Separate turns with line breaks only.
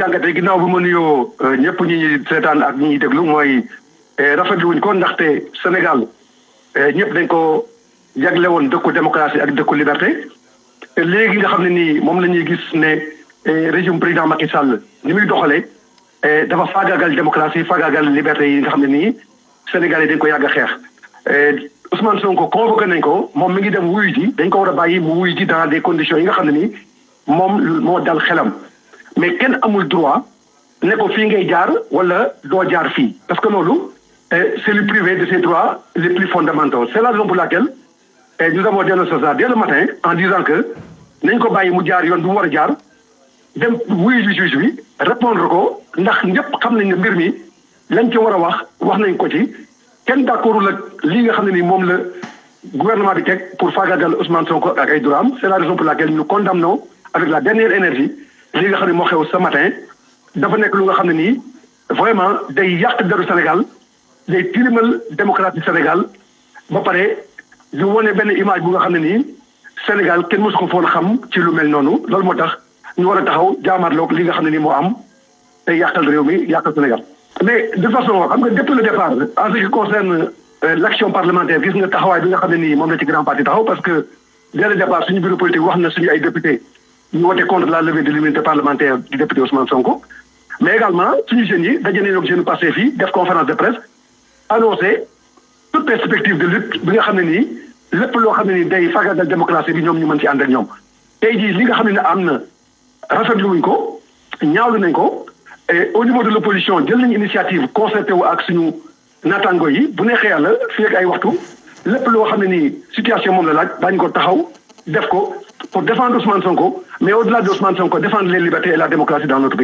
koy ginnaaw bu ma nuyoo euh, ñëpp ñi ñuy seetaan ak ñi déglu mooy euh, rafetlu wuñ ndaxte Sénégal euh, ñëpp dañ ko jagle woon dëkku démocratie ak dëkku liberté léegi nga xam ne nii moom la ñuy gis ne régime président Macky Sall ni muy doxalee dafa faagaagal démocratie faagaagal liberté yi nga xam ne nii Sénégal yi dañ ko yàgg a xeex Ousmane Sonko convoqué nañ ko moom mi ngi dem wuyu ji dañ ko war a bàyyi mu wuyu ji dans des conditions yi nga xam ne nii moom moo dal xelam mais kenn amul droit ne ko fii ngay jaar wala doo jaar fii parce que loolu eh, c'est le privé de ses droits les plus fondamentaux c'est la raison pour laquelle eh, nous avons dénoncé ça dès le matin en disant que nañ ko bàyyi mu jaar yoon bu mu war a jaar dem wuyu ju juge bi répondre ko ndax ñëpp xam nañ ne mbir mi lañ ci war a wax wax nañ ko ci kenn d'accordul ak li nga xam ne ni moom la gouvernement bi teg pour faagaagal Ousmane Sonko ak ay droits am c'est la raison pour laquelle la dernière énergie lii nga xam ne moo xew ce matin dafa nekk lu nga xam ne nii vraiment day yàq deru Sénégal day tilimal démocratie Sénégal ba pare di wane benn image bu nga xam ne nii Sénégal kenn mosu ko foon xam ci lu mel noonu loolu moo tax ñu war a taxaw jaamaarloog li nga xam ne nii moo am day yàqal réew mi yàqal Sénégal. mais de façon xam nga depuis le départ en ce qui concerne euh, l' parlementaire gis nga taxawaay bi nga xam ne nii moom la ci grand parti parce que dès le départ suñu wax na suñu ay député. ñu wote contre la levée de l'immunité parlementaire du député Ousmane Sonko mais également suñu jeunes yi daje nañu ak jeune Pastef yi def conférence de presse annoncé toute perspective de lutte bi nga xam ne nii lépp loo xam ne nii day fagagal démocratie bi ñoom ñu mën ci ànd ak ñoom tey jii li nga xam ne am na rafetlu wuñ ko ñaawlu nañ ko au niveau de l'opposition jël nañ initiative concerté wu ak suñu naataango yi bu neexee yàlla fii ak ay waxtu lépp loo xam ne nii situation moom laaj daañu ko taxaw def ko pour défendre Ousmane Sonko mais au-delà de Ousmane Sonko défendre les libertés et la démocratie dans notre